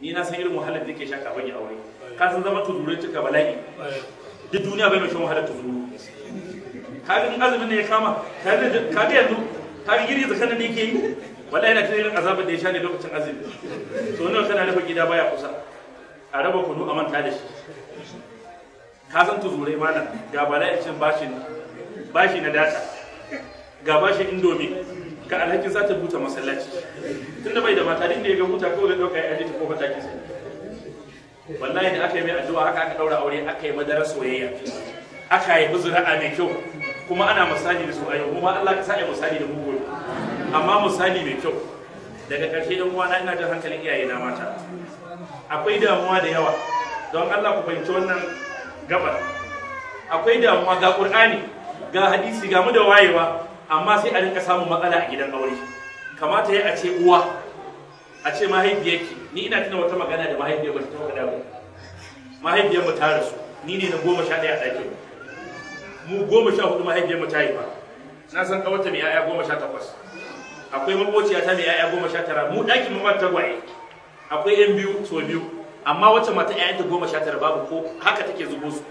ni na san irin wahalar da ke sha kafin ya aure ka san zama tuzurin cika bala'i duk duniya bai mai shan wahalar tuzuru kaga in azumin ne ya kama ka ga yanzu ka kaga giri zakan ne yake yi wallahi yana cikin azabar da ya sha ne lokacin azumi so nawa kana nufin gida baya kusa a raba kunu a manta da shi ka san tuzurai mana ga bala'i cin bashi na data ga bashi indomi ga alhakin za ta buta masallaci tunda bai da mata din da ya ga buta kawai zai dauka ya aje ta ko matakin sai wallahi da aka yi mai addu'a haka aka daura aure aka yi madara soyayya aka yi zuri'a mai kyau kuma ana misali da su a yau kuma Allah ka sa misali da mugu amma misali mai kyau daga ƙarshe 'yan uwana ina jin hankalin iyaye na mata akwai damuwa da yawa don Allah ku fahimci wannan gabar akwai damuwa ga Qur'ani ga hadisi ga mu da wayewa amma sai a rinka samun matsala a gidan aure kamata ya a ce uwa a ce mahaifiyarki ni ina tuna wata magana da mahaifiyar ba ta faɗa ba mahaifiyar mu ta rasu ni ne na goma sha ɗaya a ɗakin mu goma sha hudu mahaifiyar mu ta yi ba na san ƙawarta mai 'ya'ya goma sha takwas akwai makociya ta mai 'ya'ya goma sha tara mu ɗakin mu ta gwaye akwai yan biyu so biyu amma wacce mata 'ya'yanta goma sha tara babu ko haka take zubo su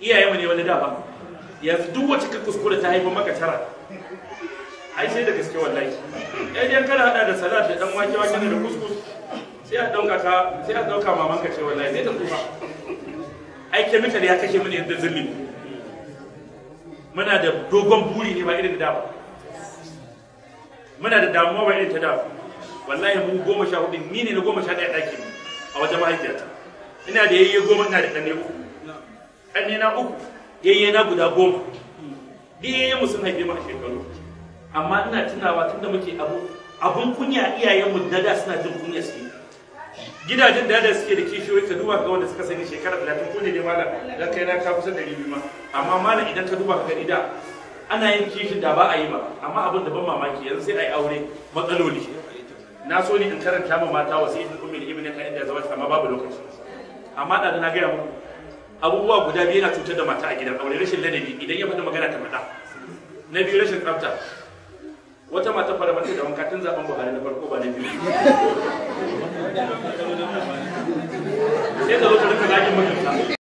iyayen mu ne wani da ba yanzu duk wacce ka kuskure ta haifa maka tara ai sai da gaske wallahi ai dai kana hada da salat da dan wake wake da kuskus sai a dauka ka sai a dauka maman ka ce wallahi sai da kuma ai chemical ya kashe mini yadda zulmi muna da dogon buri ne ba irin da ba muna da damuwa ba irin ta da wallahi mu goma sha hudu ni ne na goma sha daya daki a wajen mahaifiyata ina da yayye goma ina da ɗanne uku ne na uku yayyana guda goma yayyen mu sun haife mu a shekaru amma ina tunawa tun da muke abu abun kunya iyayenmu da da suna jin kunya su gidajen da da suke da kishiyoyi ka duba ga wanda suka sani shekara 30 ko ne dai malam dan kai na ka kusa da ribi ma amma malam idan ka duba ka gani da ana yin kishin da ba a yi ba amma abin da ban mamaki yanzu sai ai aure matsaloli na so ne in karanta ma mata wasu ibn ummi da ibn kan inda zawata amma babu lokaci amma da na ga muku abubuwa guda biyu yana cutar da mata a gidan aure rashin ladabi idan ya faɗi magana ta faɗa na biyu rashin tsafta wata mata fara mata da wanka tun zaben buhari na farko ba na biyu